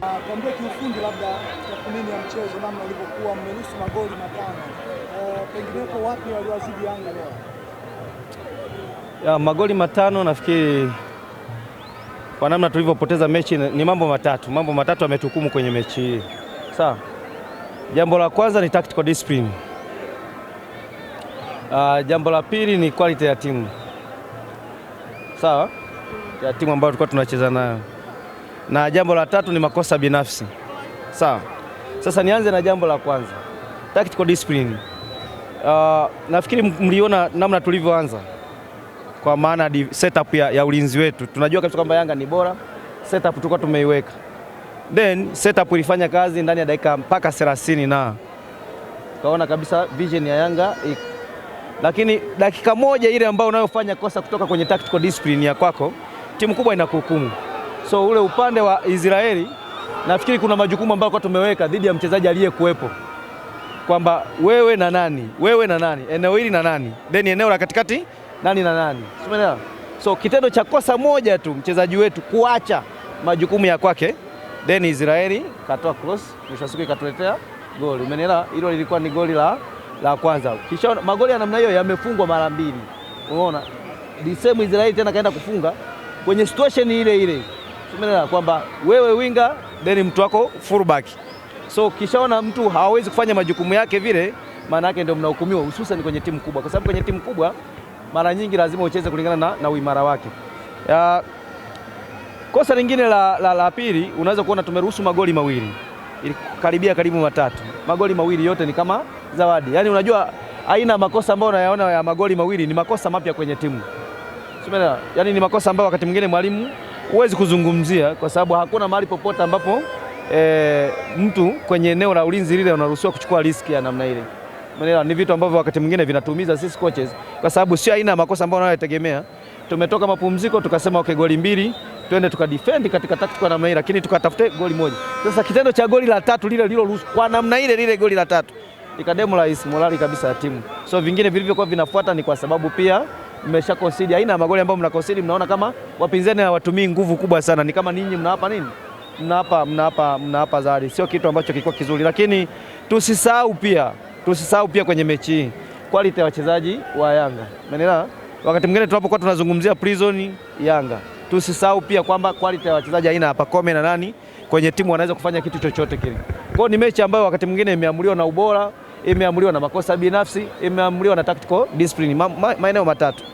Kuambia ah, kiufundi, labda tathmini ya mchezo namna ilivyokuwa, mmeruhusu magoli matano, ah, pengineko wapi waliwazidi Yanga leo? Ya, magoli matano nafikiri kwa namna tulivyopoteza mechi ni mambo matatu, mambo matatu yametukumu kwenye mechi hii. Sawa, jambo la kwanza ni tactical discipline. Uh, jambo la pili ni quality ya timu sawa, ya timu ambayo tulikuwa tunacheza nayo na jambo la tatu ni makosa binafsi. Sawa, sasa nianze na jambo la kwanza, tactical discipline. Uh, nafikiri mliona namna tulivyoanza kwa maana setup ya, ya ulinzi wetu. Tunajua kabisa kwamba Yanga ni bora, setup tulikuwa tumeiweka, then setup ilifanya kazi ndani ya dakika mpaka 30 na tukaona kabisa vision ya Yanga ik. Lakini dakika moja ile ambayo unayofanya kosa kutoka kwenye tactical discipline ya kwako, timu kubwa inakuhukumu. So ule upande wa Israeli nafikiri kuna majukumu ambayo kwa tumeweka dhidi ya mchezaji aliyekuwepo kwamba wewe na nani, wewe na nani, eneo hili na nani, then eneo la katikati nani na nani, umeelewa? So kitendo cha kosa moja tu mchezaji wetu kuacha majukumu ya kwake, then Israeli katoa cross, mwisho siku ikatuletea goli, umeelewa? Hilo lilikuwa ni goli la, la kwanza. Kisha magoli ya namna hiyo yamefungwa mara mbili, umeona the same Israeli tena kaenda kufunga kwenye situation ile ile tumeelewana kwamba wewe winga then mtu wako fullback. So kishaona mtu hawezi kufanya majukumu yake vile, maana yake ndio mnahukumiwa, hususan kwenye timu kubwa, kwa sababu kwenye timu kubwa mara nyingi lazima ucheze kulingana na, na uimara wake. Ya, kosa lingine la, la, la pili unaweza kuona tumeruhusu magoli mawili karibia karibu matatu. Magoli mawili yote ni kama zawadi, yaani unajua aina makosa ambayo unayaona ya magoli mawili ni makosa mapya kwenye timu, yaani ni makosa ambayo wakati mwingine mwalimu huwezi kuzungumzia kwa sababu hakuna mahali popote ambapo e, mtu kwenye eneo la ulinzi lile unaruhusiwa kuchukua riski ya namna ile. Maana Ni vitu ambavyo wakati mwingine vinatumiza sisi coaches kwa sababu sio aina ya makosa ambayo unayotegemea. Tumetoka mapumziko tukasema okay, goli mbili twende tukadefend katika tactical namna ile, lakini tukatafute goli moja. Sasa kitendo cha goli la tatu lile lililoruhusu kwa namna ile lile goli la tatu ikademolize morali kabisa ya timu, so vingine vilivyokuwa vinafuata ni kwa sababu pia mmesha concede aina ya magoli ambayo mna mnaona kama wapinzani hawatumii nguvu kubwa sana, ni kama ninyi mnawapa nini, mnawapa mnawapa mnawapa zawadi, sio kitu ambacho kilikuwa kizuri. Lakini tusisahau pia, tusisahau pia kwenye mechi hii quality ya wachezaji wa Yanga, umeelewa? Wakati mwingine tunapokuwa tunazungumzia prison Yanga, tusisahau pia kwamba quality ya wachezaji aina hapa. Kome na nani kwenye timu wanaweza kufanya kitu chochote kile. Kwa hiyo ni mechi ambayo wakati mwingine imeamuliwa na ubora imeamuliwa na makosa binafsi, imeamuliwa na tactical discipline, maeneo matatu.